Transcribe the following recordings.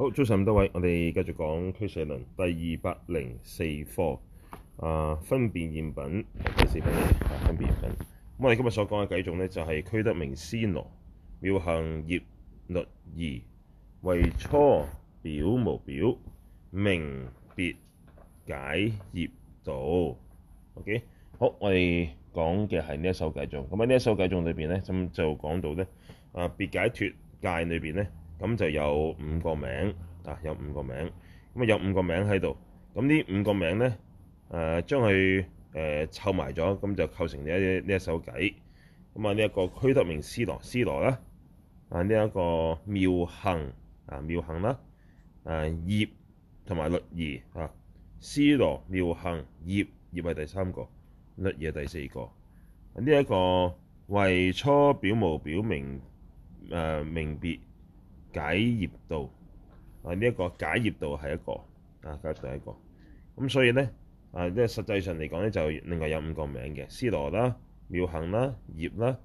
好，早晨咁多位，我哋繼續講俱舍論第二百零四課，啊分別業品第四分，分別業品。咁我哋今日所講嘅偈頌咧，就係俱得名尸羅，妙行業律儀，唯初表無表，名別解業道。OK，好，我哋講嘅係呢一首偈頌。咁喺呢一首偈頌裏邊咧，咁就講到咧，啊別解脫戒裏邊咧。咁就有五個名啊！有五個名咁啊，有五個名喺度。咁呢五個名咧，誒將佢誒湊埋咗，咁、呃、就構成呢一呢一首偈。咁、嗯、啊，呢、這、一個俱得名尸羅尸羅啦，啊呢一、這個妙行啊妙行啦，啊業同埋律儀啊，尸羅妙行業業係第三個律儀第四個呢一、啊這個唯初表無表，名誒名別解業道啊，呢、這個、一個、啊、解業道係一個啊，交第一個咁，所以咧啊，即係實際上嚟講咧，就另外有五個名嘅尸羅啦、妙行啦、業啦、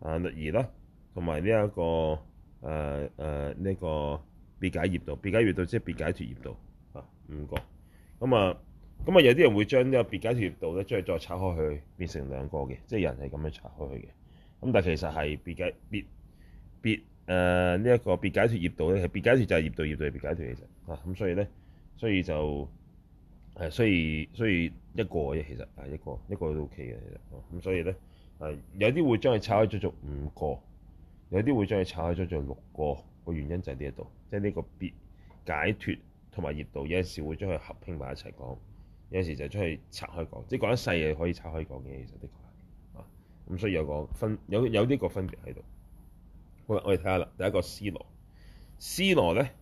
啊律儀啦，同埋呢一個誒誒呢個別解業道、別解業道即係別解脫業道啊，五個咁啊，咁啊有啲人會將呢個別解脫業道咧，將佢再拆開去變成兩個嘅，即係人係咁樣拆開去嘅，咁但係其實係別解別別。誒呢一個別解脫業道咧，係別解脫就係業道，業道係別解脫其實嚇，咁、啊、所以咧，所以就誒，所以所以一個嘅其實啊，一個一個都 OK 嘅其實，咁、啊、所以咧，誒、啊、有啲會將佢拆開，足足五個；有啲會將佢拆開，足足六個。個原因就喺呢度，即係呢個別解脫同埋業道。有陣時會將佢合拼埋一齊講，有陣時就將佢拆開講，即係講得細嘅可以拆開講嘅，其實的確係啊，咁所以有個分，有有呢個分別喺度。好啦，我哋睇下啦。第一個尸羅，尸羅咧，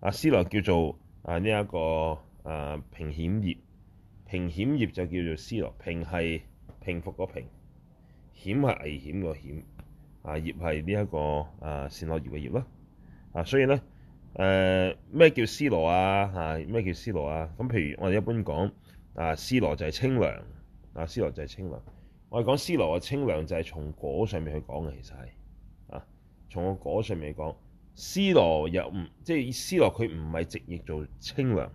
啊，尸羅叫做啊呢一個啊平險業，平險業就叫做尸羅，平係平服個平，險係危險個險，啊業係呢一個啊善羅業嘅業啦。啊，所以咧誒咩叫尸羅啊？吓咩叫尸羅啊？咁、啊啊、譬如我哋一般講啊，尸羅就係清涼啊，尸羅就係清涼。我哋講尸羅啊，清涼就係從果上面去講嘅，其實係。從個果上面講，尸羅又唔即係尸羅，佢唔係直譯做清涼，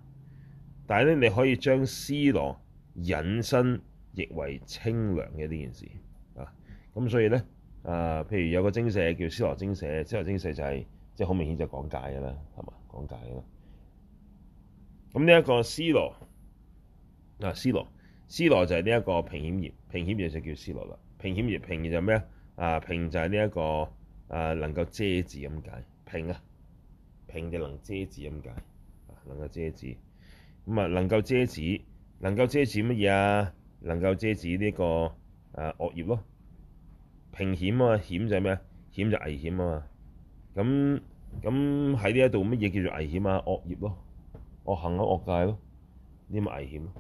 但係咧你可以將尸羅引申譯為清涼嘅呢件事啊。咁所以咧啊，譬如有個精舍叫尸羅精舍，尸羅精舍就係即係好明顯就講解㗎啦，係嘛講解㗎啦。咁呢一個尸羅嗱，尸羅、啊、尸羅、尸羅就係呢一個平險業，平險業就叫尸羅啦。平險業平業就咩啊？平就係呢一個，啊，能夠遮止咁解，平啊，平就能遮止咁解，能夠遮止，咁啊能夠遮止，能夠遮止乜嘢啊？能夠遮止呢個啊惡業咯，平險啊，險就係咩啊？險就危險啊嘛，咁咁喺呢一度乜嘢叫做危險啊？惡業咯，惡行啊惡界咯，呢咪危險、啊，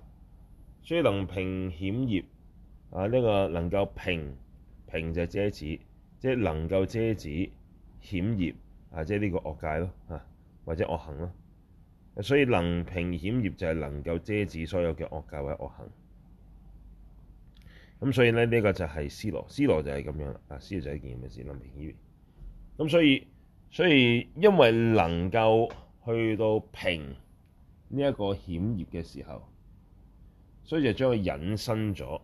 所以能平險業啊，呢個能夠平平就係遮止。即係能夠遮止險業啊！即係呢個惡戒咯啊，或者惡行咯。所以能平險業就係能夠遮止所有嘅惡戒或者惡行。咁所以咧，呢個就係尸羅，尸羅就係咁樣啦。啊、尸羅就係一件嘅事啦，明唔明？咁所以，所以因為能夠去到平呢一個險業嘅時候，所以就將佢引申咗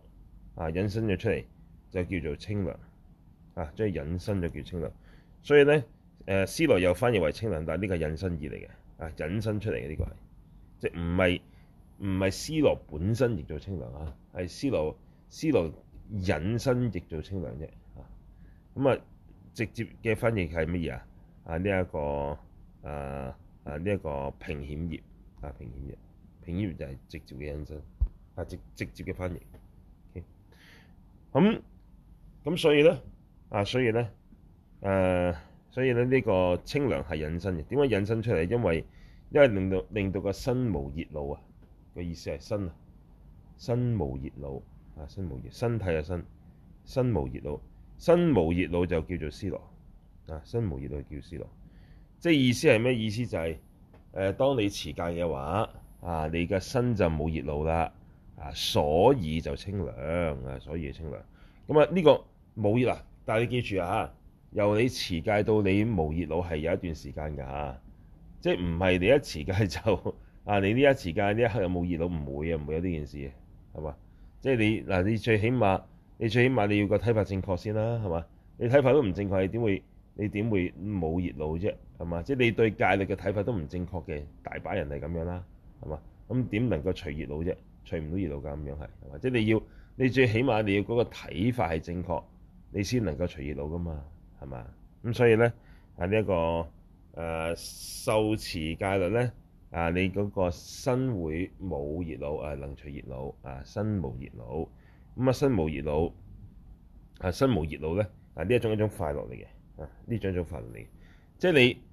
啊，引申咗出嚟就叫做清涼。啊，即係引申咗叫清涼，所以咧，誒，尸羅又翻譯為清涼，但係呢個引申而嚟嘅啊，引申出嚟嘅呢個係即係唔係唔係尸羅本身亦做清涼啊，係尸羅尸羅引申亦做清涼啫。咁啊，直接嘅翻譯係乜嘢啊？啊，呢一個啊，誒呢一個平險業啊，平險業平險業就係直接嘅引申啊，直直接嘅翻譯。咁咁所以咧。啊，所以咧，誒、啊，所以咧，呢個清涼係引申嘅。點解引申出嚟？因為因為令到令到個身無熱惱啊。個意思係身，身，身，身，身，身思啊，身無熱惱啊，身無熱身體嘅身，身無熱惱，身無熱惱就叫做尸羅啊，身無熱惱叫尸羅。即意思係咩意思，就是？就係誒，當你持戒嘅話啊，你嘅身就冇熱惱啦啊，所以就清涼啊，所以清涼。咁啊，呢個冇熱啊。但係你記住啊，由你持戒到你冇熱惱係有一段時間㗎嚇，即係唔係你一持戒就啊？你呢一持戒呢一刻有冇熱惱？唔會啊，唔會有呢件事嘅，係嘛？即係你嗱，你最起碼你最起碼你要個睇法正確先啦，係嘛？你睇法都唔正確，你點會你點會冇熱惱啫？係嘛？即係你對戒律嘅睇法都唔正確嘅，大把人係咁樣啦，係嘛？咁點能夠除熱惱啫？除唔到熱惱㗎，咁樣係，即係你要你最起碼你要嗰個睇法係正確。你先能夠除熱惱噶嘛，係嘛？咁所以咧，啊呢一、這個誒受持戒律咧，啊你嗰個身會冇熱惱，誒、啊、能除熱惱，啊身無熱惱。咁啊身無熱惱，啊身無熱惱咧，啊呢一種一種快樂嚟嘅，啊呢一種種快樂嚟嘅，即係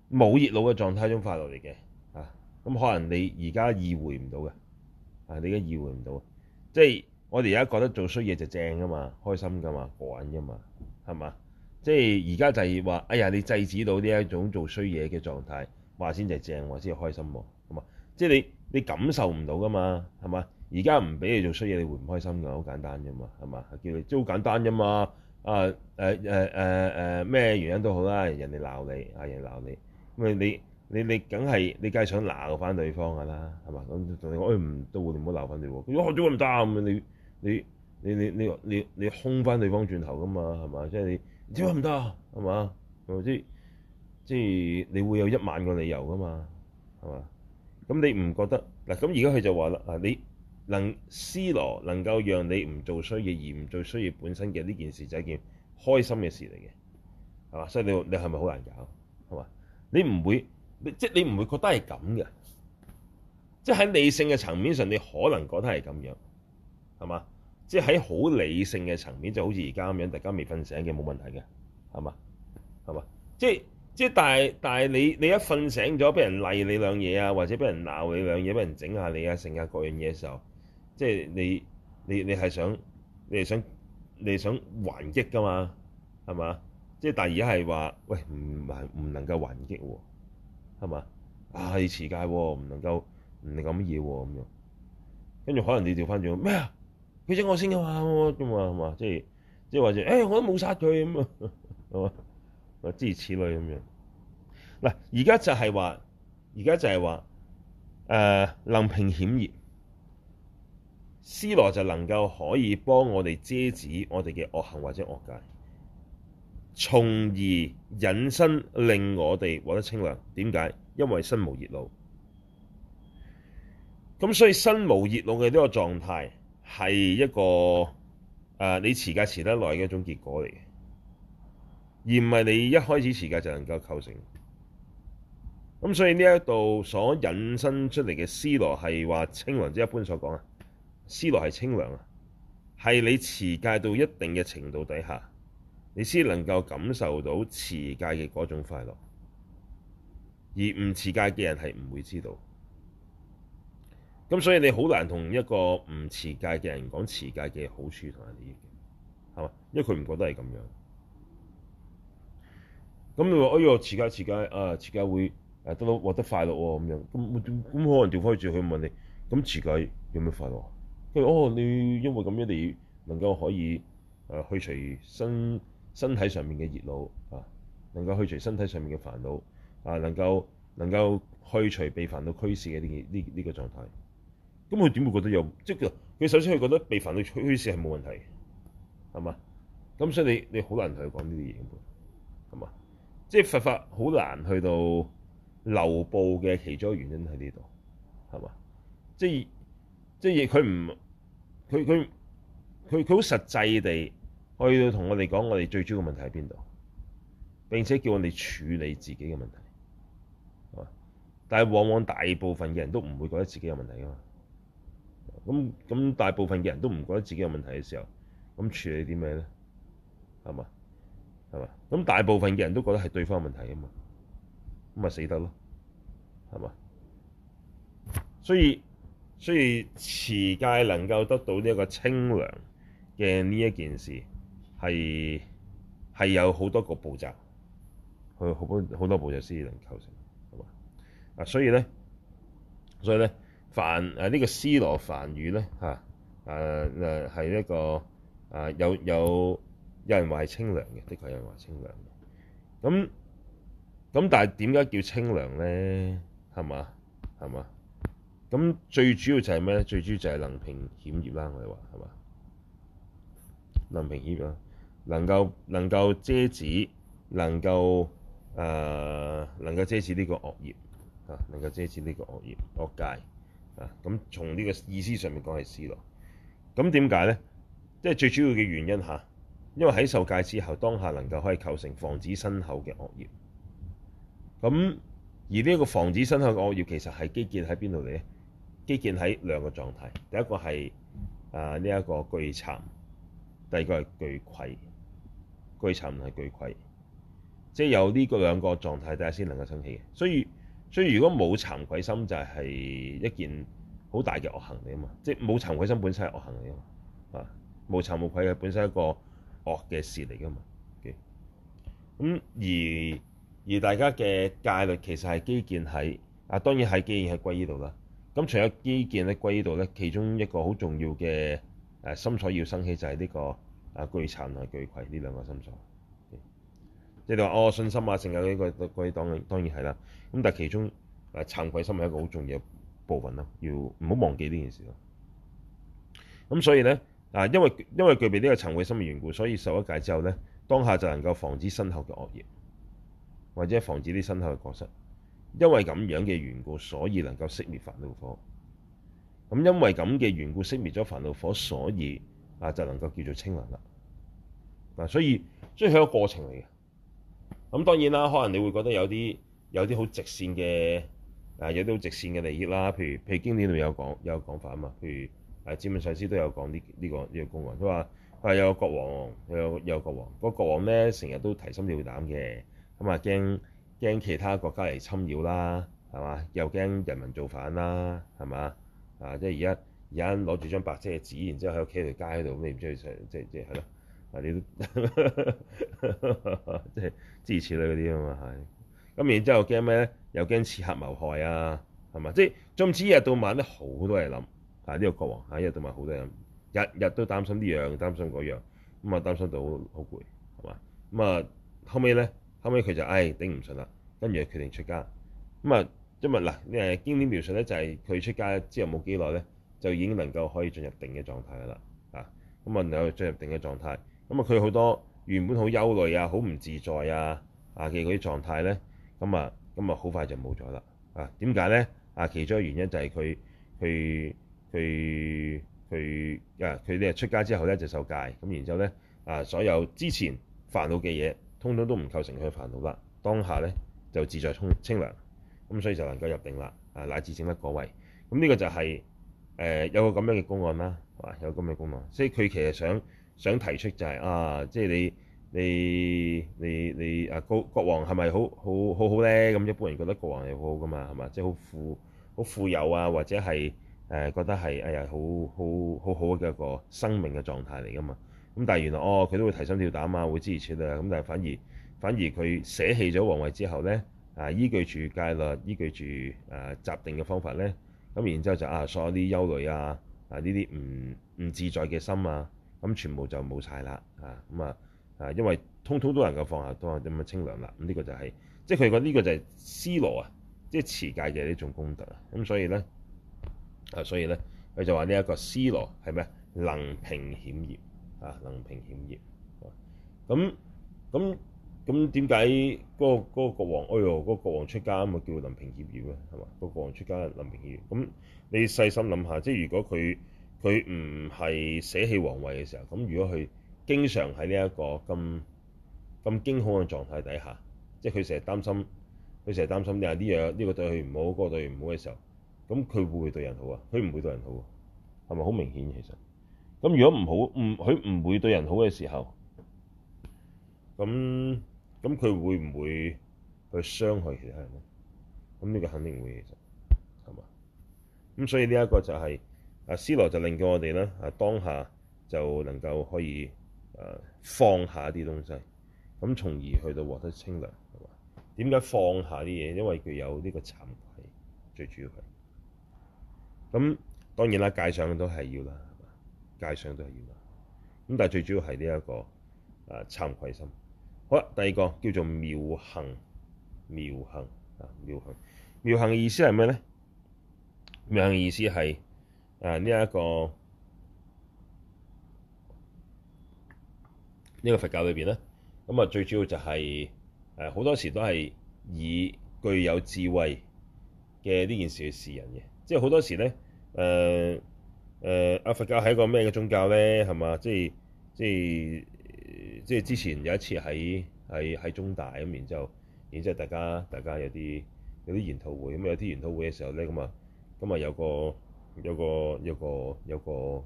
你冇熱惱嘅狀態一種快樂嚟嘅，啊咁、啊啊、可能你而家意會唔到嘅，啊你而家意會唔到啊，即係。我哋而家覺得做衰嘢就正噶嘛，開心噶嘛，過癮噶嘛，係嘛？即係而家就係話，哎呀，你制止到呢一種做衰嘢嘅狀態，話先就正喎，先開心喎，係嘛？即係你你感受唔到噶嘛，係嘛？而家唔俾你做衰嘢，你會唔開心㗎？好簡單啫嘛，係嘛？叫你即好簡單啫嘛，啊誒誒誒咩原因都好啦，人哋鬧你啊人鬧你，咁你你你梗係你梗係想鬧翻對方㗎啦，係嘛？咁同你講誒唔都會唔好鬧翻你喎，我做咁你。你你你你你你空翻對方轉頭噶嘛，係嘛？即係你點解唔得啊？係嘛？係咪先？即係你會有一萬個理由噶嘛？係嘛？咁你唔覺得嗱？咁而家佢就話啦：嗱，你能尸羅能夠讓你唔做衰嘢，而唔做衰嘢本身嘅呢件事就係一件開心嘅事嚟嘅，係嘛？所以你你係咪好難搞？係嘛？你唔會，你即係你唔會覺得係咁嘅，即係喺理性嘅層面上，你可能覺得係咁樣。係嘛？即係喺好理性嘅層面，就好似而家咁樣，大家未瞓醒嘅冇問題嘅，係嘛？係嘛？即係即係但係但係你你一瞓醒咗，俾人賴你兩嘢啊，或者俾人鬧你兩嘢，俾人整下你啊，剩日各樣嘢嘅時候，即係你你你係想你係想你係想還擊㗎嘛？係嘛？即係但係而家係話喂唔係唔能夠還擊喎，係嘛？唉、啊，持戒喎，唔能夠唔能夠乜嘢喎咁樣，跟住可能你調翻轉咩啊？什麼佢整我先噶嘛，咁啊嘛，即係即係話誒，我都冇殺佢咁啊，係嘛，諸如此類咁樣。嗱，而家就係話，而家就係話，誒、呃，能平險業，尸羅就能夠可以幫我哋遮止我哋嘅惡行或者惡戒，從而引申令我哋獲得清涼。點解？因為身無熱惱。咁所以身無熱惱嘅呢個狀態。係一個誒、呃，你持戒持得耐嘅一種結果嚟，而唔係你一開始持戒就能夠構成。咁所以呢一度所引申出嚟嘅尸羅係話清涼，即一般所講啊，尸羅係清涼啊，係你持戒到一定嘅程度底下，你先能夠感受到持戒嘅嗰種快樂，而唔持戒嘅人係唔會知道。咁所以你好難同一個唔持戒嘅人講持戒嘅好處同埋利益嘅係嘛？因為佢唔覺得係咁樣。咁你話哎呦，持戒持戒啊，持戒會誒、啊、得到獲得快樂喎，咁樣咁咁，可能調翻轉佢問你，咁持戒有咩快樂？因為哦，你因為咁樣你能夠可以誒、啊、去除身身體上面嘅熱惱啊，能夠去除身體上面嘅煩惱啊，能夠能夠去除被煩惱驅使嘅呢呢呢個狀態。咁佢點會覺得有？即係佢首先佢覺得被煩惱驅使係冇問題，係嘛？咁所以你你好難同佢講呢啲嘢，係嘛？即係佛法好難去到流布嘅其中一個原因喺呢度，係嘛？即係即係佢唔佢佢佢佢好實際地去到同我哋講，我哋最主要嘅問題喺邊度，並且叫我哋處理自己嘅問題。係嘛？但係往往大部分嘅人都唔會覺得自己有問題噶嘛咁咁大部分嘅人都唔覺得自己有問題嘅時候，咁處理啲咩咧？係嘛，係嘛？咁大部分嘅人都覺得係對方有問題啊嘛，咁咪死得咯係嘛？所以所以持戒能夠得到呢一個清涼嘅呢一件事，係係有好多個步驟，佢好多好多步驟先至能構成，係嘛？啊，所以咧，所以咧。梵誒、啊這個、呢個尸羅梵語咧嚇誒係一個、啊、有有有人話係清涼嘅，的確有人話清涼嘅。咁咁，那但係點解叫清涼咧？係嘛係嘛？咁最主要就係咩咧？最主要就係能平險業啦。我哋話係嘛？能平險啊，能夠能夠遮止，能夠誒、呃、能夠遮止呢個惡業啊，能夠遮止呢個惡業惡戒。啊，咁從呢個意思上面講係尸羅，咁點解咧？即係最主要嘅原因嚇，因為喺受戒之後，當下能夠可以構成防止身口嘅惡業。咁而呢一個防止身口嘅惡業，其實係基建喺邊度嚟咧？基建喺兩個狀態，第一個係啊呢一個具慚，第二個係具愧。具慚同埋具愧，即係有呢個兩個狀態，第一先能夠生起嘅。所以所以如果冇慚愧心就係、是、一件好大嘅惡行嚟啊嘛，即係冇慚愧心本身係惡行嚟啊嘛，啊冇慚冇愧嘅本身係一個惡嘅事嚟啊嘛。咁而而，而大家嘅戒律其實係基建喺啊，當然係基建喺歸依度啦。咁除咗基建咧歸依度咧，其中一個好重要嘅誒心所要生起就係呢個啊，具慚同具愧呢兩個心所。即係你話哦，信心啊，剩啊嗰啲嗰啲，當然當然係啦。咁但係其中啊，慚愧心係一個好重要部分咯，要唔好忘記呢件事咯。咁所以咧啊，因為因為具備呢個慚愧心嘅緣故，所以受一戒之後咧，當下就能夠防止身口嘅惡業，或者防止啲身口嘅過失。因為咁樣嘅緣故，所以能夠熄滅煩惱火。咁因為咁嘅緣故熄滅咗煩惱火，所以啊，就能夠叫做清涼啦。嗱，所以所以係一個過程嚟嘅。咁當然啦，可能你會覺得有啲有啲好直綫嘅，啊有啲好直綫嘅利益啦。譬如譬如經典裏面有講有講法啊嘛。譬如誒《哲問上師》都有講呢呢個呢個公案，佢話佢話有個國王，有有個國王。不過國王咧成日都提心吊膽嘅，咁啊驚驚其他國家嚟侵擾啦，係嘛？又驚人民造反啦，係嘛？啊！即係而家而家攞住張白色嘅紙，然之後喺屋企條街喺度，你唔知佢想即即係咯。嗱，你都即係諸如此類嗰啲啊嘛，係。咁然之後驚咩咧？又驚刺客謀害啊，係嘛？即係從朝日到晚咧，好多嘢諗。啊，呢個國王啊，一日到晚好多嘢諗，日日都擔心呢樣，擔心嗰樣，咁啊擔心到好攰，係嘛？咁啊後尾咧，後尾佢就唉頂唔順啦，跟住就決定出家。咁啊，因為嗱呢誒經典描述咧，就係佢出家之後冇幾耐咧，就已經能夠可以進入定嘅狀態啦，啊，咁啊能夠進入定嘅狀態。咁啊，佢好多原本好憂慮啊，好唔自在啊啊嘅嗰啲狀態咧，咁啊咁啊，好快就冇咗啦啊。點解咧？啊，其中一個原因就係佢佢佢佢啊，佢咧出家之後咧就受戒，咁然之後咧啊，所有之前煩惱嘅嘢，通通都唔構成佢嘅煩惱啦。當下咧就自在充清涼，咁所以就能夠入定啦啊，乃至整個位。咁呢個就係、是、誒有個咁樣嘅公案啦，係有咁嘅公案，所以佢其實想。想提出就係、是、啊，即係你你你你啊，國國王係咪好，好好好好咧？咁一般人覺得國王係好好噶嘛，係嘛？即係好富好富有啊，或者係誒、啊、覺得係哎呀好好，好好好好嘅一個生命嘅狀態嚟噶嘛。咁但係原來哦，佢都會提心吊膽啊，會支持啊。咁但係反而反而佢捨棄咗王位之後咧啊，依據住戒律，依據住誒習定嘅方法咧，咁然之後就啊，所有啲憂慮啊啊呢啲唔唔自在嘅心啊～咁全部就冇晒啦，啊咁啊啊，因為通通都能夠放下，都咁樣清涼啦。咁、這、呢個就係、是，即係佢講呢個就係尸羅啊，即係持戒嘅呢種功德啊。咁所以咧啊，所以咧，佢就話呢一個尸羅係咩？能平險業啊，能平險業。咁咁咁點解嗰個嗰個國王？哎呦，嗰個國王出家啊叫能平險業啊，係嘛？嗰個國王出家能平險業。咁你細心諗下，即係如果佢。佢唔係捨棄王位嘅時候，咁如果佢經常喺呢一個咁咁驚恐嘅狀態底下，即係佢成日擔心，佢成日擔心呢樣呢個對佢唔好，嗰個對佢唔好嘅時候，咁佢會唔會對人好啊？佢唔會對人好，係咪好明顯其實？咁如果唔好，唔佢唔會對人好嘅時候，咁咁佢會唔會去傷害其他人咧？咁呢個肯定會其實，係嘛？咁所以呢一個就係。啊！尸羅就令到我哋咧，啊，當下就能夠可以啊放下啲東西，咁從而去到獲得清涼。係嘛？點解放下啲嘢？因為佢有呢個慚愧，最主要係咁。當然啦，戒上都係要啦，係嘛？戒上都係要啦。咁但係最主要係呢一個啊慚愧心。好啦，第二個叫做妙行，妙行啊，妙行，妙行嘅意思係咩咧？妙行意思係。妙行誒呢一個呢個佛教裏邊咧，咁啊，最主要就係誒好多時都係以具有智慧嘅呢件事去示人嘅，即係好多時咧誒誒阿佛教係一個咩嘅宗教咧？係嘛，即係即係即係之前有一次喺喺喺中大咁，然之後然之後大家大家有啲有啲研討會咁，有啲研討會嘅時候咧，咁啊咁啊有個。有個有個有個誒、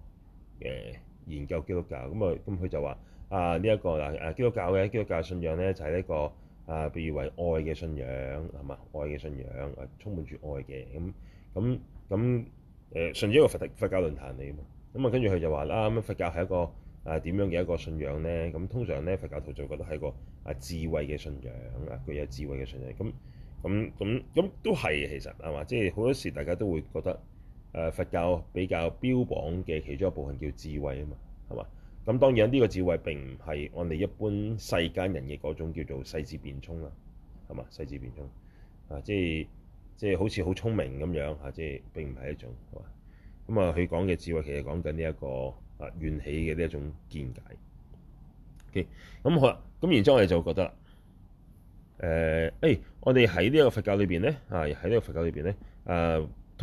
欸、研究基督教咁、嗯嗯嗯、啊，咁佢就話啊呢一個嗱誒基督教嘅基督教信仰咧，就係、是、一、這個啊，譬如為愛嘅信仰係嘛，愛嘅信仰啊，充滿住愛嘅咁咁咁誒，信、嗯、咗、嗯嗯呃、個佛佛教論壇嚟啊嘛，咁、嗯、啊跟住佢就話啦咁佛教係一個啊點樣嘅一個信仰咧？咁、嗯、通常咧，佛教徒就覺得係一個啊智慧嘅信仰啊，佢有智慧嘅信仰咁咁咁咁都係其實係嘛，即係好多時大家都會覺得。誒佛教比較標榜嘅其中一部分叫智慧啊嘛，係嘛？咁當然呢個智慧並唔係我哋一般世間人嘅嗰種叫做世智辯聰啦，係嘛？世智辯聰啊，即係即係好似好聰明咁樣嚇、啊，即係並唔係一種，係嘛？咁啊，佢講嘅智慧其實講緊呢一個啊緣起嘅呢一種見解。咁、okay，好啦，咁然之後我哋就覺得誒，哎、呃欸，我哋喺呢個個佛教裏邊咧啊，喺呢個佛教裏邊咧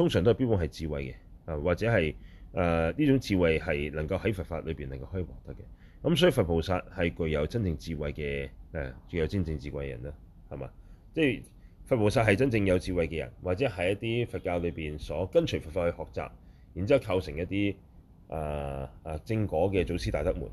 通常都係標榜係智慧嘅，啊或者係誒呢種智慧係能夠喺佛法裏邊能夠可以獲得嘅。咁所以佛菩薩係具有真正智慧嘅，誒、啊、具有真正智慧嘅人啦，係嘛？即、就、係、是、佛菩薩係真正有智慧嘅人，或者係一啲佛教裏邊所跟隨佛法去學習，然之後構成一啲誒誒正果嘅祖師大德們，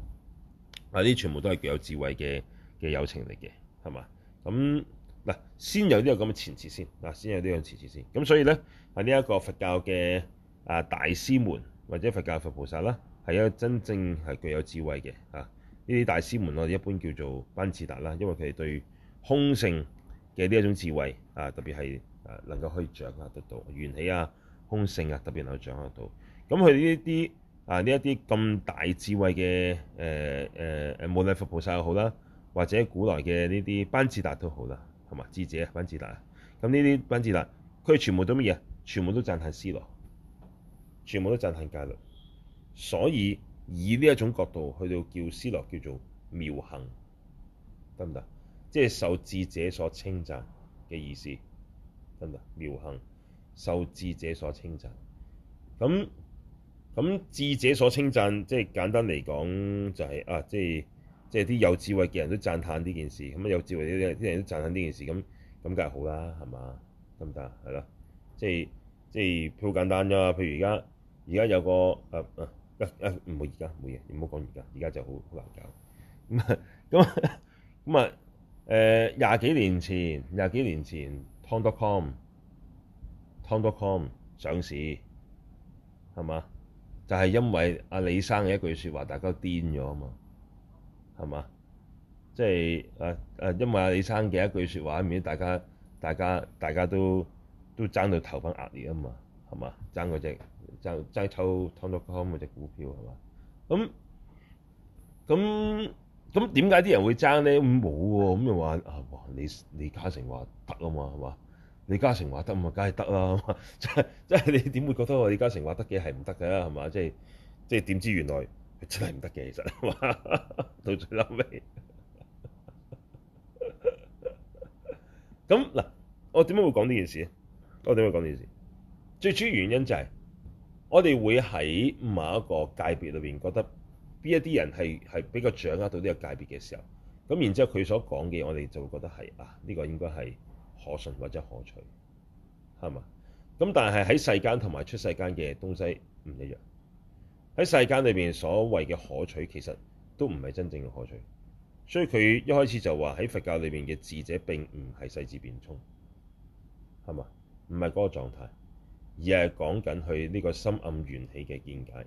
嗱、啊、啲全部都係具有智慧嘅嘅有情力嘅，係嘛？咁。嗱，先有呢個咁嘅前設先，嗱，先有呢個前設先。咁所以咧，啊呢一個佛教嘅啊大師們或者佛教佛菩薩啦，係一個真正係具有智慧嘅啊。呢啲大師們我哋一般叫做班智達啦，因為佢哋對空性嘅呢一種智慧啊，特別係啊能夠可以掌握得到緣起啊、空性啊，特別能夠掌握到。咁佢呢啲啊呢一啲咁大智慧嘅誒誒誒，無、呃、論、呃、佛菩薩又好啦，或者古代嘅呢啲班智達都好啦。同埋智者班智達，咁呢啲班智達，佢全部都乜嘢？全部都讚歎尸羅，全部都讚歎戒律。所以以呢一種角度去到叫尸羅叫做妙行，得唔得？即係受智者所稱讚嘅意思，得唔得？妙行受智者所稱讚。咁咁智者所稱讚，即係簡單嚟講就係、是、啊，即係。即係啲有智慧嘅人都讚歎呢件事，咁啊有智慧啲啲人都讚歎呢件事，咁咁梗係好啦，係嘛？得唔得？係咯、就是，即係即係好簡單啫嘛。譬如而家而家有個誒誒唔好，而家冇嘢，你唔好講而家，而家就好好難搞。咁咁啊咁啊誒廿幾年前廿幾年前，tom.com，tom.com 上市係嘛？就係、是、因為阿李生嘅一句説話，大家癲咗啊嘛。嗯係嘛？即係誒誒，因為李生嘅一句説話，而家大家大家大家都都爭到頭崩額裂啊嘛，係嘛？爭嗰隻爭爭抽 TOM.com 嗰隻股票係嘛？咁咁咁點解啲人會爭咧？咁冇喎，咁又話啊，李李嘉誠話得啊嘛，係嘛？李嘉誠話得咁啊，梗係得啦，即係即係你點會覺得我李嘉誠話得嘅係唔得嘅係嘛？即係即係點知原來？真係唔得嘅，其實你話，到最嬲尾。咁嗱，我點解會講呢件事咧？我點解講呢件事？最主要原因就係、是、我哋會喺某一個界別裏邊覺得邊一啲人係係比較掌握到呢個界別嘅時候，咁然之後佢所講嘅我哋就會覺得係啊，呢、呢個應該係可信或者可取，係嘛？咁但係喺世間同埋出世間嘅東西唔一樣。喺世間裏邊所謂嘅可取，其實都唔係真正嘅可取，所以佢一開始就話喺佛教裏邊嘅智者並不是細智是不是，並唔係世智辯聰，係嘛？唔係嗰個狀態，而係講緊佢呢個深諳緣起嘅見解，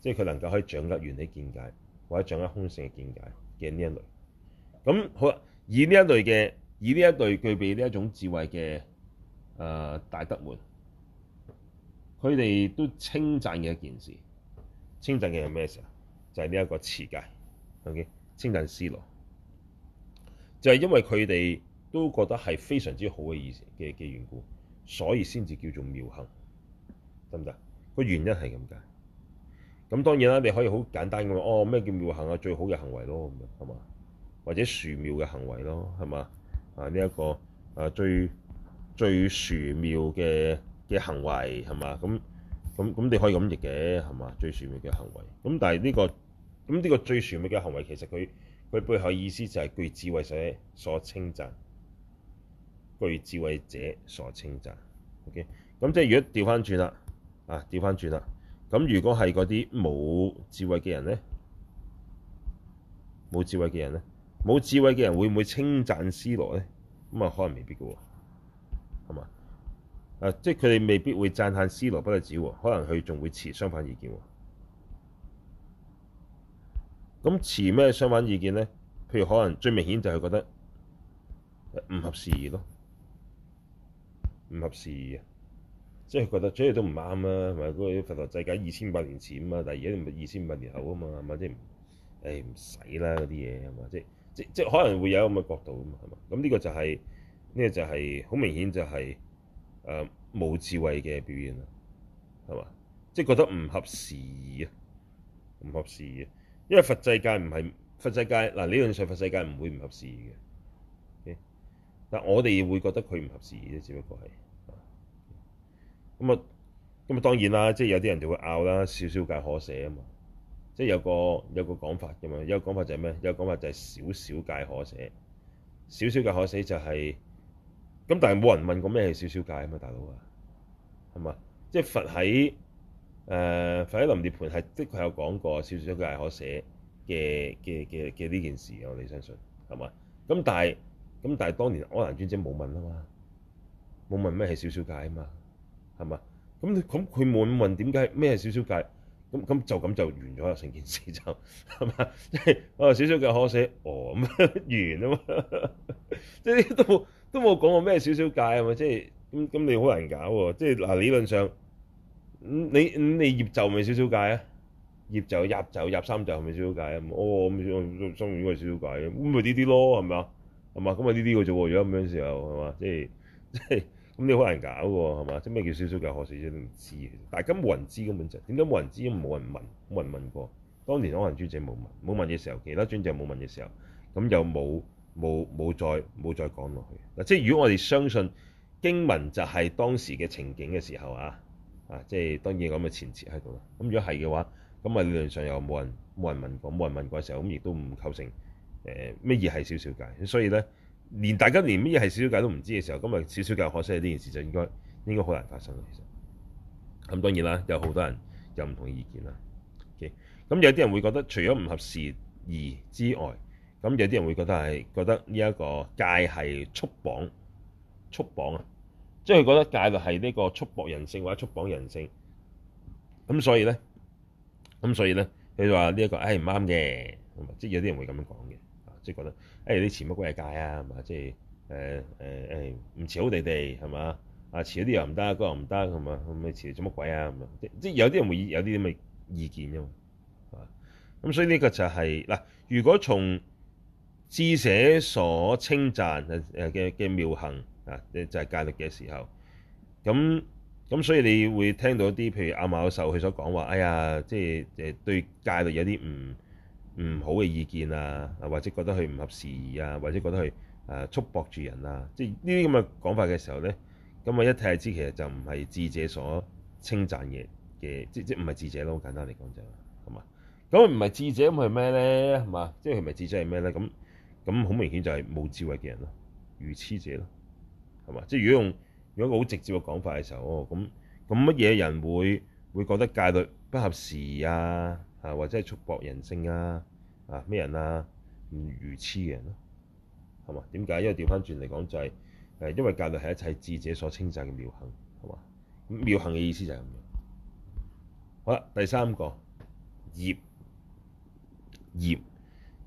即係佢能夠可以掌握緣起見解，或者掌握空性嘅見解嘅呢一類。咁好啦，以呢一類嘅，以呢一類具備呢一種智慧嘅，誒、呃、大德們。佢哋都稱讚嘅一件事，稱讚嘅係咩事啊？就係呢一個持戒，OK，稱讚尸羅，就係因為佢哋都覺得係非常之好嘅意思嘅嘅緣故，所以先至叫做妙行，得唔得？個原因係咁解。咁當然啦，你可以好簡單咁話，哦咩叫妙行啊？最好嘅行為咯，咁樣係嘛？或者殊妙嘅行為咯，係嘛？啊呢一個啊最最殊妙嘅嘅行為係嘛？咁咁咁，你可以咁譯嘅係嘛？最殊妙嘅行為。咁但係呢個咁呢個最殊妙嘅行為，其實佢佢背後意思就係據智慧者所稱讚，據智慧者所稱讚。OK，咁即係如果調翻轉啦，啊調翻轉啦，咁如果係嗰啲冇智慧嘅人咧，冇智慧嘅人咧，冇智慧嘅人會唔會稱讚尸羅咧？咁啊，可能未必嘅喎，係嘛？啊、即係佢哋未必會讚歎尸羅，不單止喎，可能佢仲會持相反意見。咁持咩相反意見咧？譬如可能最明顯就係覺得唔合時宜咯，唔合時宜嘅、啊，即係覺得即係都唔啱啦。咪、那、嗰個佛羅世界二千五百年前啊嘛，但係而家唔係二千五百年後啊嘛，係嘛？即係唔唔使啦嗰啲嘢係嘛？即係即即可能會有咁嘅角度啊嘛，係嘛？咁呢個就係、是、呢、呢個就係、是、好明顯就係、是。誒、呃、冇智慧嘅表現啊，係嘛？即係覺得唔合時宜啊，唔合時宜啊，因為佛世界唔係佛世界嗱理論上佛世界唔會唔合時宜嘅，okay? 但我哋會覺得佢唔合時宜啫，只不過係咁啊，咁、嗯、啊、嗯嗯、當然啦，即係有啲人就會拗啦，小小戒可捨啊嘛，即係有個有個講法嘅嘛，有個講法就係咩？有個講法就係小小戒可捨，小小戒可捨就係、是。咁但係冇人問過咩係小小戒啊嘛，大佬啊，係嘛？即係佛喺誒、呃、佛喺臨涅槃係的確有講過小小戒可捨嘅嘅嘅嘅呢件事。我哋相信係嘛？咁但係咁但係，當年阿難尊者冇問啊嘛，冇問咩係小小戒啊嘛，係嘛？咁咁佢冇問點解咩係小小戒，咁咁就咁就完咗啦。成件事就係、就是哦、 嘛？即係小小戒可捨哦咁樣完啊嘛，即係都。都冇講過咩少少界係咪？即係咁咁你好難搞喎！即係嗱理論上，你你業就咪少少界啊？業就入就入三就係咪少少界啊？我我我中意呢個少少界咁咪呢啲咯係咪啊？係嘛咁咪呢啲嘅啫喎！如果咁樣時候係嘛？即係即係咁你好難搞喎係嘛？即係咩叫少少界？何氏姐都唔知嘅。但係而家冇人知根本就，點解冇人知？冇人問，冇人問過。當年我問尊者冇問，冇問嘅時候，其他尊者冇問嘅時候，咁又冇。冇冇再冇再講落去嗱，即係如果我哋相信經文就係當時嘅情景嘅時候啊啊，即係當然有咁嘅前設喺度啦。咁如果係嘅話，咁啊理論上又冇人冇人問過，冇人問過嘅時候，咁亦都唔構成誒乜嘢係少少界。所以咧，連大家連乜嘢係少少界都唔知嘅時候，咁啊少少界可惜係呢件事就應該應該好難發生嘅，其實。咁當然啦，有好多人有唔同意見啦。咁、okay? 有啲人會覺得除咗唔合時宜之外。咁有啲人會覺得係覺得呢一個戒係束綁，束綁啊，即係佢覺得戒律係呢個束縛人性或者束綁人性，咁所以咧，咁所以咧，佢就話呢一個誒唔啱嘅，即係有啲人會咁樣講嘅，即係覺得誒啲持乜鬼係戒啊，係嘛，即係誒誒誒唔持好地地係嘛，啊持啲又唔得，嗰又唔得，係嘛，咁你持做乜鬼啊？即係即係有啲人會有啲咁嘅意見㗎嘛，啊，咁所以呢個就係，嗱，如果從智者所稱讚嘅嘅嘅妙行啊，就係、是、戒律嘅時候咁咁，所以你會聽到啲譬如阿馬秀佢所講話，哎呀，即係誒對戒律有啲唔唔好嘅意見啊，或者覺得佢唔合時宜啊，或者覺得佢誒、呃、束縛住人啊，即係呢啲咁嘅講法嘅時候咧，咁我一睇下知其實就唔係智者所稱讚嘅嘅，即即唔係智者咯。簡單嚟講就係嘛，咁唔係智者咁係咩咧？係嘛，即係佢唔係智者係咩咧？咁。咁好明顯就係冇智慧嘅人咯，愚痴者咯，係嘛？即係如果用如果一個好直接嘅講法嘅時候，哦咁咁乜嘢人會會覺得戒律不合時啊？啊或者係束縛人性啊？啊咩人啊？唔愚痴嘅人咯，係嘛？點解？因為調翻轉嚟講就係、是、誒，因為戒律係一切智者所稱讚嘅妙行，係嘛？咁妙行嘅意思就係咁樣。好啦，第三個業業。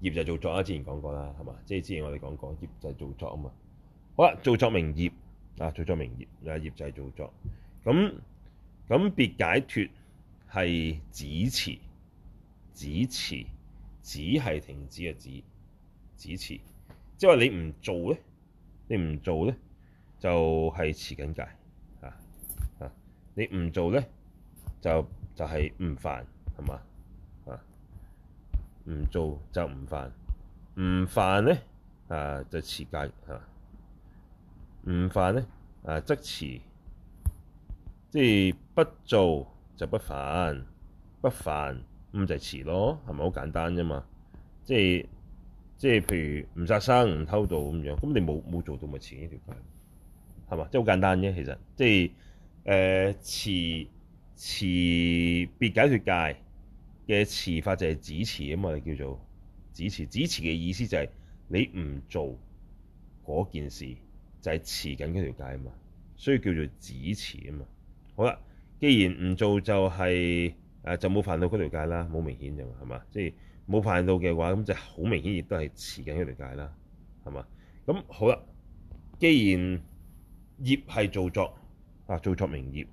業就做作啦，之前講過啦，係嘛？即係之前我哋講過，業就做作啊嘛。好啦，做作名業啊，做作名業，啊，業，業就做作。咁咁別解脫係止持，止持，止係停止嘅止，止持。即係、話、你唔做咧，你唔做咧，就係持緊戒啊啊！你唔做咧，就就係、是、唔犯，係嘛？唔做就唔犯，唔犯咧啊就持戒吓，唔犯咧啊則持，即係不做就不犯，不犯咁、啊、就係持、啊啊、咯，係咪好簡單啫嘛？即係即係譬如唔殺生、唔偷盜咁樣，咁你冇冇做到咪持呢條戒，係嘛？即係好簡單啫，其實，即係誒持持別解脫戒。嘅詞法就係止持啊嘛，你叫做止持。止持嘅意思就係你唔做嗰件事，就係持緊嗰條戒啊嘛，所以叫做止持啊嘛。好啦，既然唔做就係、誒、就冇犯到嗰條戒啦，冇明顯啫嘛，係嘛？即係冇犯到嘅話，咁就好明顯亦都係持緊嗰條戒啦，係嘛？咁好啦，既然業係造作啊，造作名業，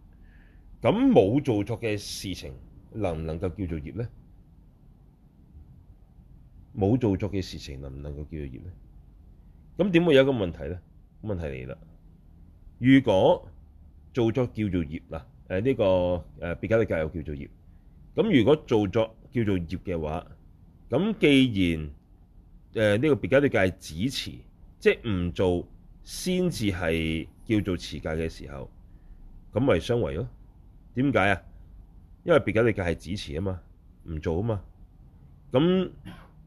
咁冇做作嘅事情。能唔能夠叫做業咧？冇做作嘅事情能唔能夠叫做業咧？咁點會有一個問題咧？問題嚟啦！如果做作叫做業嗱，誒、這、呢個誒別解脫戒又叫做業，咁如果做作叫做業嘅話，咁既然誒呢個別解脫戒係止持，即係唔做先至係叫做持戒嘅時候，咁咪相違咯？點解啊？因為別解脫戒係止持啊嘛，唔做啊嘛，咁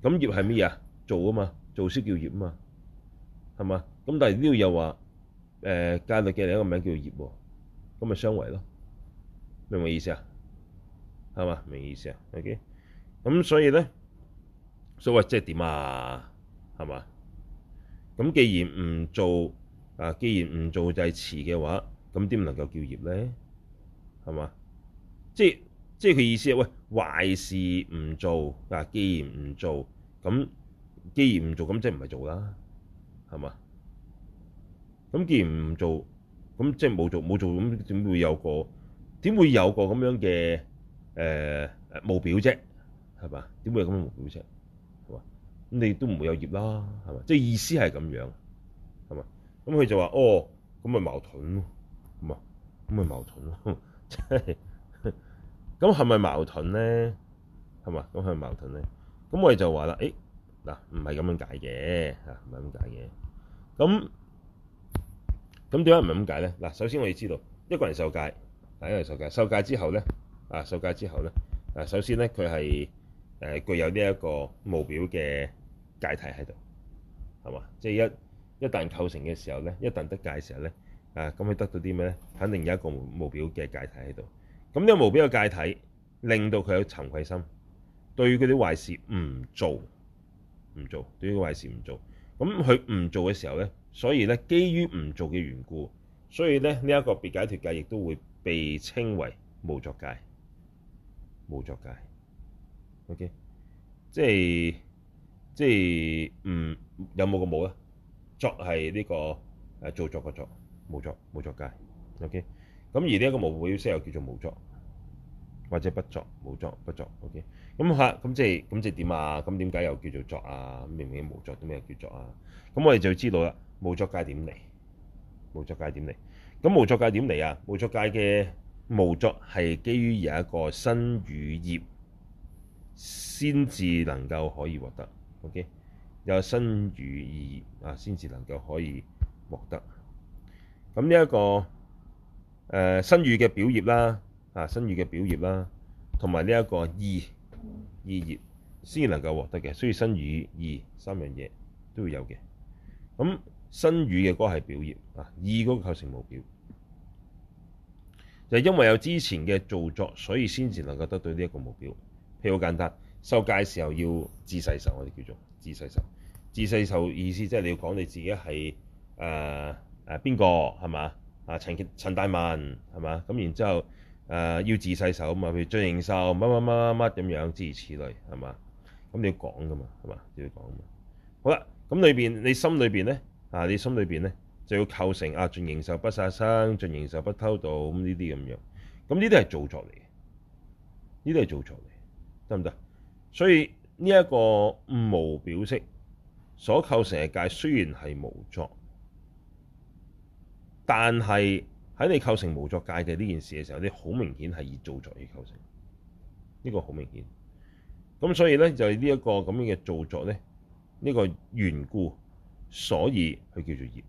咁業係咩啊？做啊嘛，做先叫業啊嘛，係嘛？咁但係呢度又話誒，戒律嘅另一個名叫做業喎，哦，咁咪相違咯？明唔明意思，okay? so, 啊？係嘛？明意思啊？OK，咁所以咧，所謂即係點啊？係嘛？咁既然唔做啊，既然唔做就係持嘅話，咁點能夠叫業咧？係嘛？即係即係佢意思係喂，壞事唔做啊，既然唔做咁，既然唔做咁，即係唔係做啦，係嘛？咁既然唔做咁，即係冇做冇做咁，點會有個點會有個咁樣嘅誒誒目標啫，係嘛？點會有咁嘅目標啫？係嘛？咁你都唔會有業啦，係嘛？即係意思係咁樣，係嘛？咁佢就話哦，咁咪矛盾咯，咁啊咁咪矛盾咯，真係。咁係咪矛盾咧？係嘛？咁係咪矛盾咧？咁我哋就話啦，誒嗱，唔係咁樣解嘅，嚇唔係咁解嘅。咁咁點解唔係咁解咧？嗱，首先我哋知道一個人受戒，第一個人受戒，受戒之後咧，啊受戒之後咧，啊首先咧佢係誒具有呢一個無表嘅戒體喺度，係嘛？即係一一旦構成嘅時候咧，一旦得戒嘅時候咧，啊咁佢得到啲咩咧？肯定有一個無表嘅戒體喺度。咁呢個無表嘅戒體，令到佢有慚愧心，對嗰啲壞事唔做，唔做，對嗰啲壞事唔做。咁佢唔做嘅時候咧，所以咧基於唔做嘅緣故，所以咧呢一個別解脫戒亦都會被稱為無作戒，無作戒。OK，即係即係唔有冇個冇啊？作係呢個誒做作個作，無作無作戒。OK。咁而呢一個無表色又叫做無作，或者不作，無作不作。OK，咁嚇咁即係咁即係點啊？咁點解又叫做作啊？明明無作點解又叫作啊？咁我哋就知道啦，無作戒點嚟？無作戒點嚟？咁無作戒點嚟啊？無作戒嘅無作係基於有一個身語業先至能夠可以獲得。OK，有身語業啊，先至能夠可以獲得。咁呢一個。誒、呃、身語嘅表業啦，啊身語嘅表業啦，同埋呢一個意意業先能夠獲得嘅，所以身語意三樣嘢都會有嘅。咁、嗯、身語嘅嗰係表業啊，意嗰個構成無表就係、因為有之前嘅造作，所以先至能夠得到呢一個無表。譬如好簡單，受戒嘅時候要自誓受，我哋叫做自誓受。自誓受意思即係你要講你自己係誒誒邊個係嘛？呃呃啊，陳傑、陳大文，係嘛？咁然之後，誒、呃、要自誓受嘛，譬如盡形壽，乜乜乜乜乜咁樣，諸如此類，係嘛？咁你要講噶嘛，係嘛？要講嘛。好啦，咁裏邊你心裏邊咧，啊，你心裏邊咧就要構成啊，盡形壽不殺生，盡形壽不偷盜，咁呢啲咁樣，咁呢啲係造作嚟嘅，呢啲係造作嚟，得唔得？所以呢一個五無表色所構成嘅戒雖然係無作。但係喺你構成無作界嘅呢件事嘅時候，你好明顯係以造作而構成，呢個好明顯。咁所以咧就係呢一個咁樣嘅造作咧，呢個緣故，所以佢叫做業。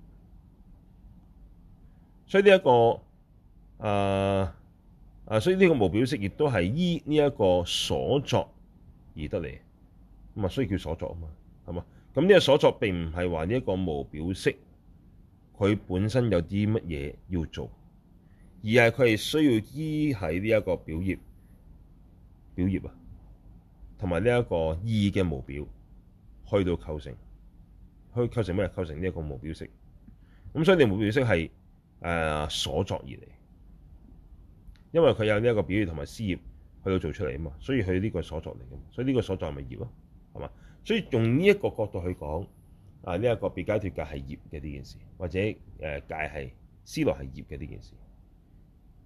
所以呢一個啊啊，所以呢個無表色亦都係依呢一個所作而得嚟，咁啊所以叫所作啊嘛，係嘛？咁呢個所作並唔係話呢一個無表色佢本身有啲乜嘢要做，而係佢係需要依喺呢一個表業表業啊，同埋呢一個意嘅目標去到構成，去構成咩？構成呢一個無表色。咁所以呢個無表色係誒、呃、所作而嚟。因為佢有呢一個表業同埋思業去到做出嚟啊嘛，所以佢呢個個所作嚟嘅，所以呢個所作咪業咯，係嘛？所以用呢一個角度去講。啊！呢、這、一個別解脫戒係業嘅呢件事，或者誒、啊、戒係思路係業嘅呢件事，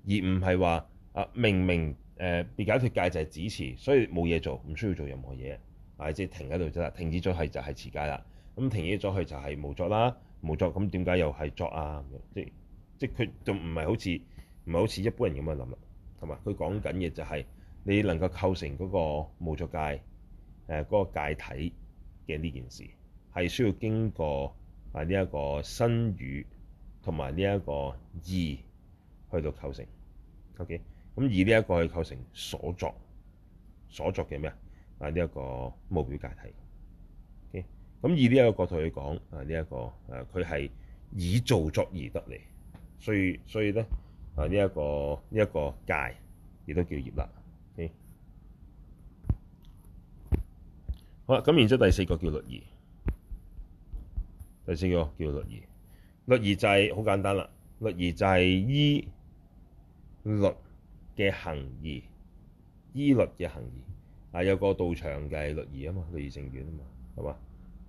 而唔係話啊明明，誒別解脫戒就係止持，所以冇嘢做，唔需要做任何嘢，係即係停喺度啫啦，停止咗係就係持戒啦。咁、啊、停止咗佢就係無作啦，無作咁點解又係作啊？即即係佢就唔、是、係、就是、好似唔係好似一般人咁樣諗啦，係嘛、就是？佢講緊嘅就係你能夠構成嗰個無作戒誒嗰、啊那個戒體嘅呢件事。係需要經過啊呢一個身語同埋呢一個意去到構成，OK。咁以呢一個去構成所作，所作嘅咩啊？啊呢一個無表戒體 OK，咁以呢一個角度去講啊呢一個誒，佢、啊、係以造作而得嚟，所以，所以咧啊呢一個呢一個戒亦都叫業啦 OK，好啦，咁然之後第四個叫律儀。第四個叫律儀，律儀就係好簡單啦。律儀就係依律嘅行儀，依律嘅行儀。啊，有個道場嘅係律儀啊嘛，律儀正院啊嘛，係嘛？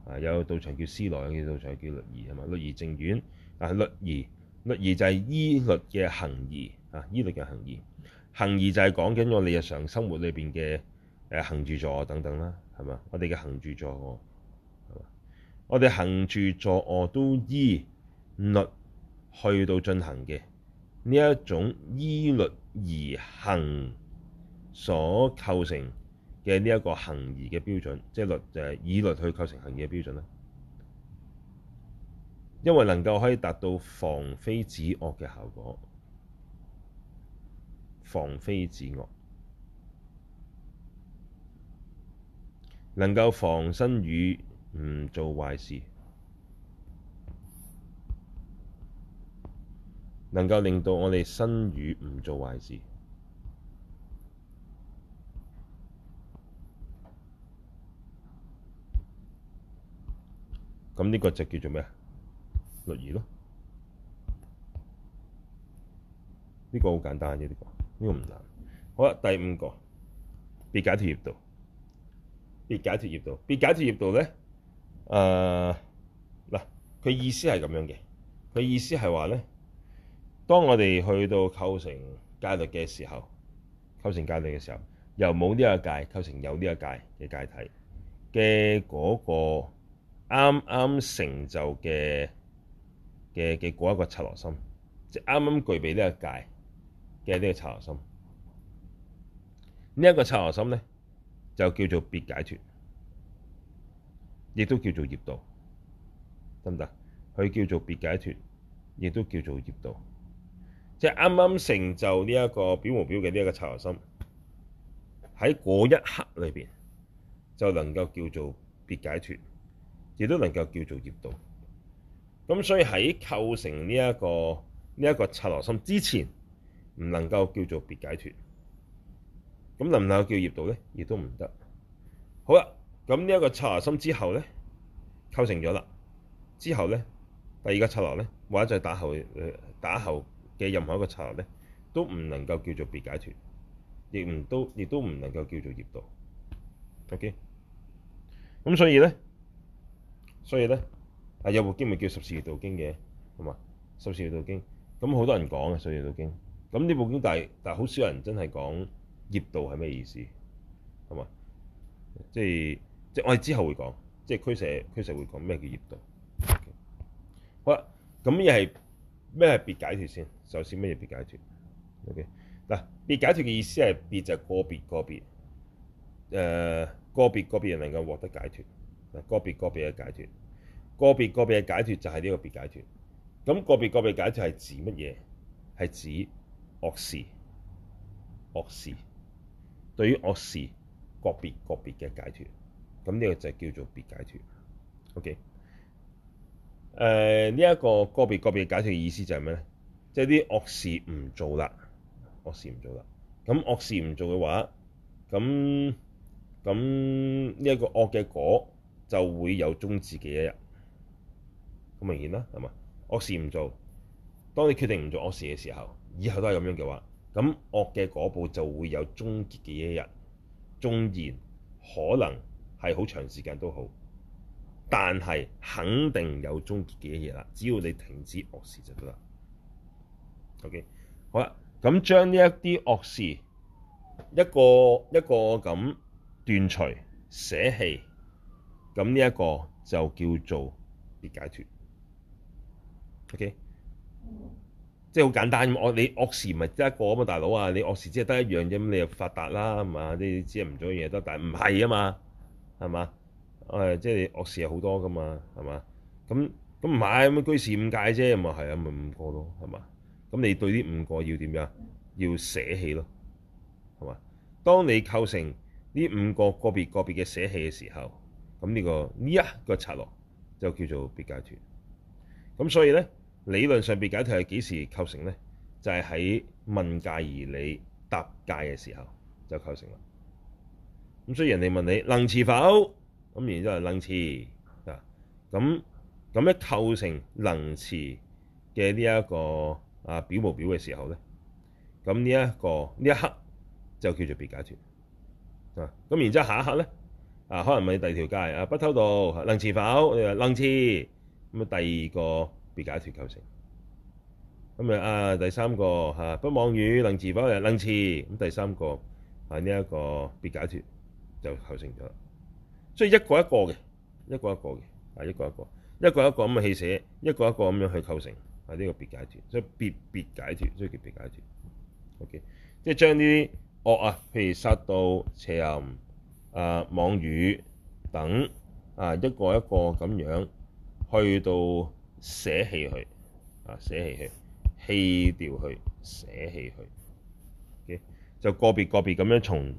啊，有道場叫尸羅，有道場叫律儀啊嘛，律儀正院。啊，律儀，律儀就係依律嘅行儀啊，依律嘅行儀。行儀就係講緊我哋日常生活裏邊嘅誒行住坐等等啦，係嘛？我哋嘅行住坐。我哋行住坐卧都依律去到進行嘅呢一種依律而行所構成嘅呢一個行儀嘅標準，即係律就係、是、以律去構成行儀嘅標準啦。因為能夠可以達到防非止惡嘅效果，防非止惡，能夠防身語。唔做壞事，能夠令到我哋身語唔做壞事，咁呢個就叫做咩啊？律儀咯，呢個好簡單嘅呢個，呢個唔難。好啦，第五個，別解脫業道，別解脫業道，別解脫業道咧。誒、呃、嗱，佢意思係咁樣嘅。佢意思係話咧，當我哋去到構成戒律嘅時候，構成戒律嘅時候，由冇呢一個戒構成有呢一個戒嘅戒體嘅嗰、那個啱啱成就嘅嘅嘅嗰一個剎那心，即係啱啱具備呢一個戒嘅呢個剎那心，呢、這、一個剎那心咧就叫做別解脫。亦都叫做業道，得唔得？佢叫做別解脫，亦都叫做業道。即係啱啱成就呢一個表無表嘅呢一個剎那心，喺嗰一刻裏邊就能夠叫做別解脫，亦都能夠叫做業道。咁所以喺構成呢一個呢一個剎那心之前，唔能夠叫做別解脫，咁能唔能夠叫業道咧？亦都唔得。好啦。咁呢一個剎那心之後咧，構成咗啦。之後咧，第二個剎那咧，或者係打後打後嘅任何一個剎那咧，都唔能夠叫做別解脫，亦唔都亦都唔能夠叫做業道。OK。咁所以咧，所以咧，啊有部經咪叫《十善業道經》嘅，係嘛？《十善業道經》咁好多人講嘅，《十善業道經》。咁呢部經，但係但係好少人真係講業道係咩意思，係嘛？即係。即係我哋之後會講，即係俱舍俱舍會講咩叫業道、OK。好啦，咁又係咩係別解脱先？首先咩嘢別解脱？嗱、OK，別解脱嘅意思係別就個別個別，誒、呃、個別個別人能夠獲得解脱，個別個別嘅解脱，個別個別嘅解脱就係呢個別解脱。咁個別個別解脱係指乜嘢？係指惡事惡事。對於惡事個別個別嘅解脱。咁呢個就係叫做別解脫。OK，誒呢一個個別個別解脫嘅意思就係咩咧？即係啲惡事唔做啦，惡事唔做啦。咁惡事唔做嘅話，咁咁呢一個惡嘅果就會有終止嘅一日，咁明顯啦。係嘛，惡事唔做，當你決定唔做惡事嘅時候，以後都係咁樣嘅話，咁惡嘅果報就會有終結嘅一日。縱然可能，係好長時間都好，但係肯定有終結嘅嘢啦。只要你停止惡事就得啦。OK，好啦，咁將呢一啲惡事一個一個咁斷除捨棄，咁呢一個就叫做別解脫。OK，mm-hmm. 即係好簡單。我你惡事唔係得一個啊嘛，大佬啊，你惡事只係得一樣啫，你又發達啦，係嘛？啲啲唔做嘢得，但係唔係啊嘛。係、呃、嘛？誒，即係惡事係好多噶嘛，係嘛？咁咁唔係，咁居士五戒啫，咪係啊，咪五個咯，係嘛？咁你對呢五個要點樣？要捨棄咯，係嘛？當你構成呢五個個別個別嘅捨棄嘅時候，咁呢、這個呢一、這個策落就叫做別解脫。咁所以咧，理論上別解脫係幾時構成咧？就係、是、喺問戒而你答戒嘅時候就構成了。所以人哋問你能持否？咁，然之後係能持啊。咁咁樣構成能持嘅呢一個啊表無表嘅時候咧，咁呢一個呢一刻就叫做別解脫啊。咁然之後下一刻咧啊，可能係第二條戒啊，不偷盜能持否？你話能持咁啊，第二個別解脫構成咁啊。啊，第三個嚇不妄語能持否？又能持咁，第三個係呢一個別解脫。就構成咗，所以一個一個嘅，一個一個嘅，啊一個一個，一個一個咁嘅棄捨，一個一個咁樣去構成啊呢個別解脫，所以別別解脫，即係叫別別解脫。OK，即係將呢啲惡啊，譬如殺盜邪淫啊妄語等啊，一個一個咁樣去到捨棄去啊捨棄去，棄掉去捨棄去。OK，就個別個別咁樣從。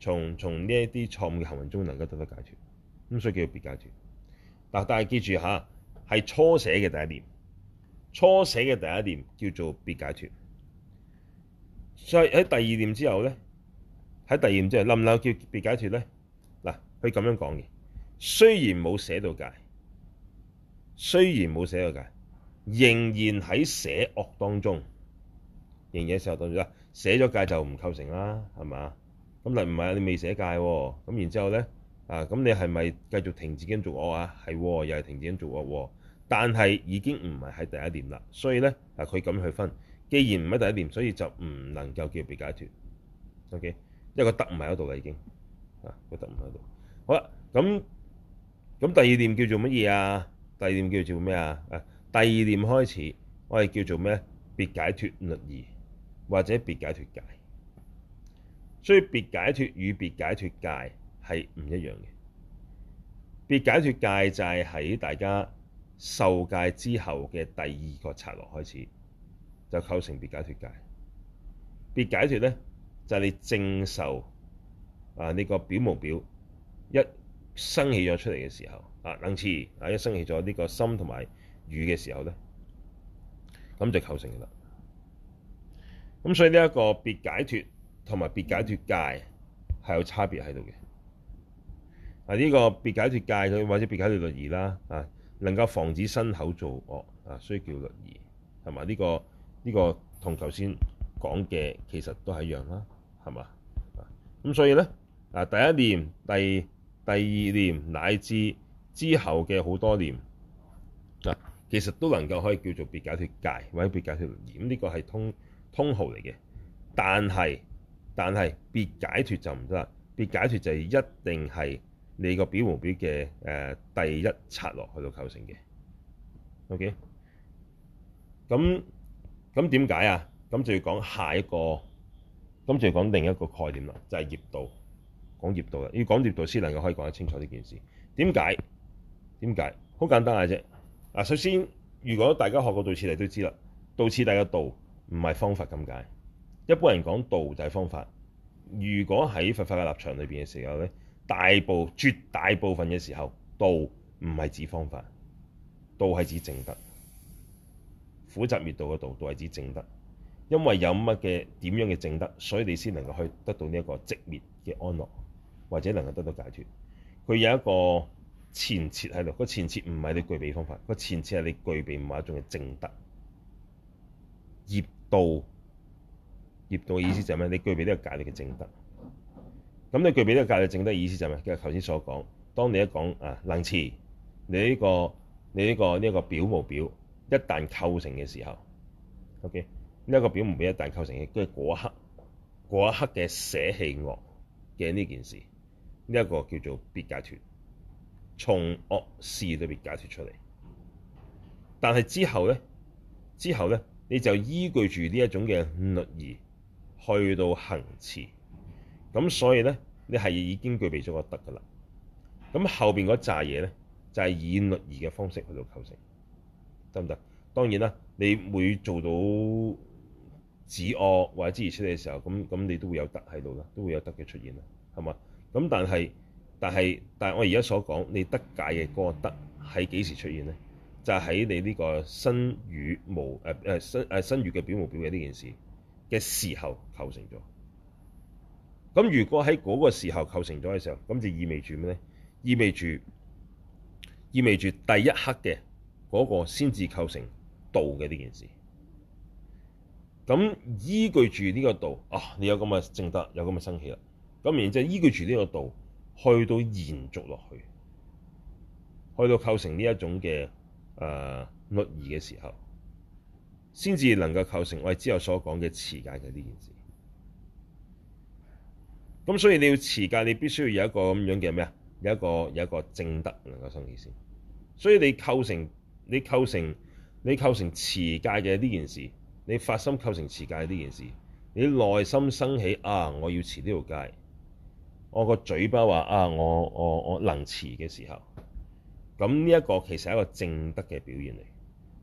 從從呢一啲錯誤嘅行為中能夠得到解決，咁所以叫別解脱。嗱，但係記住吓，係初捨嘅第一念，初捨嘅第一念叫做別解脱。所以喺第二念之後咧，喺第二念之後能唔能叫別解脱咧。嗱，佢咁樣講嘅，雖然冇捨到戒，雖然冇捨到戒，仍然喺捨惡當中，仍然喺捨惡當中啦。捨咗戒就唔構成啦，係咪咁嗱唔係你未捨戒喎，咁然之後咧啊，咁、啊、你係咪繼續停止緊做惡啊？係、啊，又係停止緊做惡喎、啊，但係已經唔係喺第一念啦，所以咧啊，佢咁去分，既然唔喺第一念，所以就唔能夠叫別解脱。O K，一個得唔喺嗰度啦，已經啊，個德唔喺度。好啦、啊，咁咁第二念叫做乜嘢啊？第二念叫做咩啊？啊，第二念開始，我哋叫做咩？別解脱律儀，或者別解脱戒。所以別解脫與別解脫界係唔一樣嘅。別解脫界就係喺大家受戒之後嘅第二個剎那開始，就構成別解脫界。別解脫咧就係、是、你正受啊，呢個表無表一生起咗出嚟嘅時候啊，兩次啊一生起咗呢個心同埋語嘅時候咧，咁就構成嘅啦。咁所以呢一個別解脫。同埋別解脱戒係有差別喺度嘅。啊，呢個別解脱戒佢或者別解脱律儀啦，啊能夠防止身口造惡啊，所以叫律儀，係嘛？同埋呢個呢、呢個同頭先講嘅其實都係一樣啦，係嘛啊？咁所以咧啊，第一念、第第二念乃至之後嘅好多念啊，其實都能夠可以叫做別解脱戒或者別解脱律儀咁，呢、呢個係通通號嚟嘅，但係。但係別解脱就唔得啦，別解脱就係一定係你個表無表嘅誒第一擦落去到構成嘅。OK，咁咁點解啊？咁就要講下一個，咁就要講另一個概念啦，就係、是、業道。講業道啦，要講業道先能夠可以講得清楚呢件事。點解？點解？好簡單呀啫。嗱，首先如果大家學過道次第你都知啦，道次第嘅道唔係方法咁解。一般人講道就係方法。如果喺佛法嘅立場裏邊嘅時候咧，大部絕大部分嘅時候，道唔係指方法，道係指證德。苦集滅道嘅道，都係指證德。因為有乜嘅點樣嘅證德，所以你先能夠去得到呢一個寂滅嘅安樂，或者能夠得到解脫。佢有一個前設喺度，個前設唔係你具備的方法，個前設係你具備某一種嘅證德、業道。業道嘅意思就係咩？你具備呢個戒律嘅正德。咁你具備呢個戒律正德意思就係咩？即係頭先所講，當你一講啊能持你呢、這個你呢、這個呢、這個表無表一旦構成嘅時候，OK 呢一個表無表一旦構成嘅，即係嗰一刻一刻嘅捨棄惡嘅呢件事，呢、這、一個叫做別解脫，從惡事裏面解脫出嚟。但係之後咧，之後咧你就依據住呢一種嘅律儀。去到行持，咁所以咧，你係已經具備咗個得㗎喇。咁後邊嗰扎嘢咧，就係以律儀嘅方式去到構成，得唔得？當然啦，你每做到止惡或者止持出嚟嘅時候，咁咁你都會有得喺度啦，都會有得嘅出現啦，係嘛？咁但係但係但係，我而家所講你得戒嘅嗰個得係幾時出現咧？就喺你呢個身語無誒誒身誒身語嘅表無表嘅呢件事嘅時候構成咗，咁如果喺嗰個時候構成咗嘅時候，咁就意味住咩咧？意味住意味住第一刻嘅嗰個先至構成道嘅呢件事。咁依據住呢個道啊，你有咁嘅正德，有咁嘅生氣啦。咁然之後依據住呢個道，去到延續落去，去到構成呢一種嘅誒律儀嘅時候。先至能夠構成我哋之後所講嘅持戒嘅呢件事。咁所以你要持戒，你必須要有一個咁樣嘅咩啊？有一個有一個正德能夠生起先。所以你構成你構成你構成持戒嘅呢件事，你發心構成持戒呢件事，你內心升起啊，我要持呢條戒。我個嘴巴話啊，我我我能持嘅時候，咁呢一個其實係一個正德嘅表現嚟。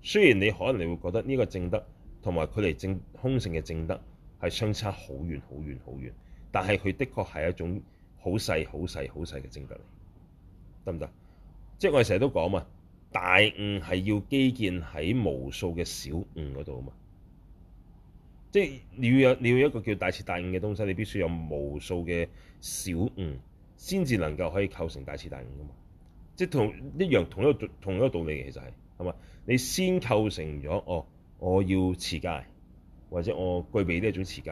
雖然你可能你會覺得呢個正德同埋佢離正空性嘅正德係相差好遠、好遠、好遠，但係佢的確係一種好細、好細、好細嘅正德嚟，得唔得？即係我哋成日都講嘛，大悟係要基建喺無數嘅小悟嗰度啊嘛。即係你要有你要一個叫大徹大悟嘅東西，你必須有無數嘅小悟先至能夠可以構成大徹大悟啊嘛。即係同一樣同一個同一個道理嘅其實係係嘛？你先構成咗哦，我要持戒，或者我具備呢一種持戒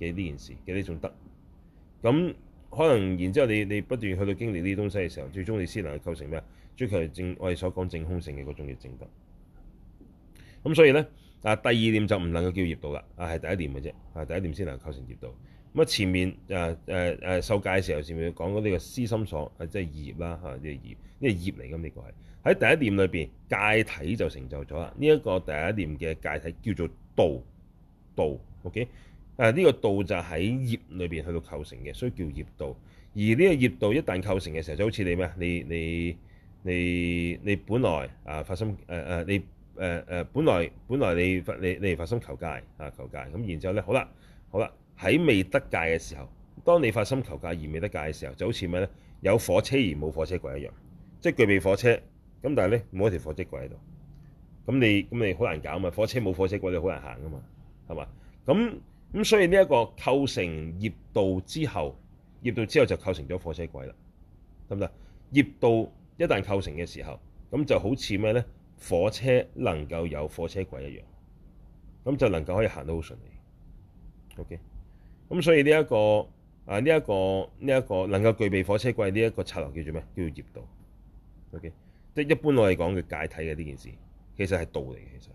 嘅呢件事嘅呢種德，咁可能然之後你你不斷去到經歷呢啲東西嘅時候，最終你先能夠構成咩？追求正我哋所講正空性嘅嗰種叫正德。咁所以咧啊，第二念就唔能夠叫業道啦，啊係第一念嘅啫，啊第一念先能夠構成業道。咁啊！前面誒誒誒受戒嘅時候，前面係講嗰啲個思心所啊？即係業啦，呢啲業呢個業嚟㗎。呢個係喺第一念裏邊戒體就成就咗啦。呢、這、一個第一念嘅戒體叫做道道。OK，誒、啊、呢、這個道就喺業裏邊去到構成嘅，所以叫業道。而呢個業道一旦構成嘅時候，就好似你咩啊，啊？你你你你本來啊發生你本本你你你發生求戒啊求戒咁，然之後咧好啦好啦。喺未得戒嘅時候，當你發心求戒而未得戒嘅時候，就好似咩咧？有火車而冇火車軌一樣，即係具備火車咁，但係咧冇一條火車軌喺度。咁你咁你好難搞啊嘛！火車冇火車軌，你好難行㗎嘛，係嘛？咁咁，所以呢一個構成業道之後，業道之後就構成咗火車軌啦，得唔得？業道一旦構成嘅時候，咁就好似咩咧？火車能夠有火車軌一樣，咁就能夠可以行得好順利。OK。咁、嗯、所以呢、這、一個啊，呢、這、一個呢一、這個能夠具備火車軌呢一個剎那叫做咩？叫做業道。OK，即係一般我哋講嘅戒體嘅呢件事，其實係道嚟。其實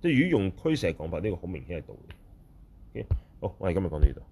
即係如果用俱舍講法，呢、這個好明顯係道嚟。OK，好，我哋今日講到呢度。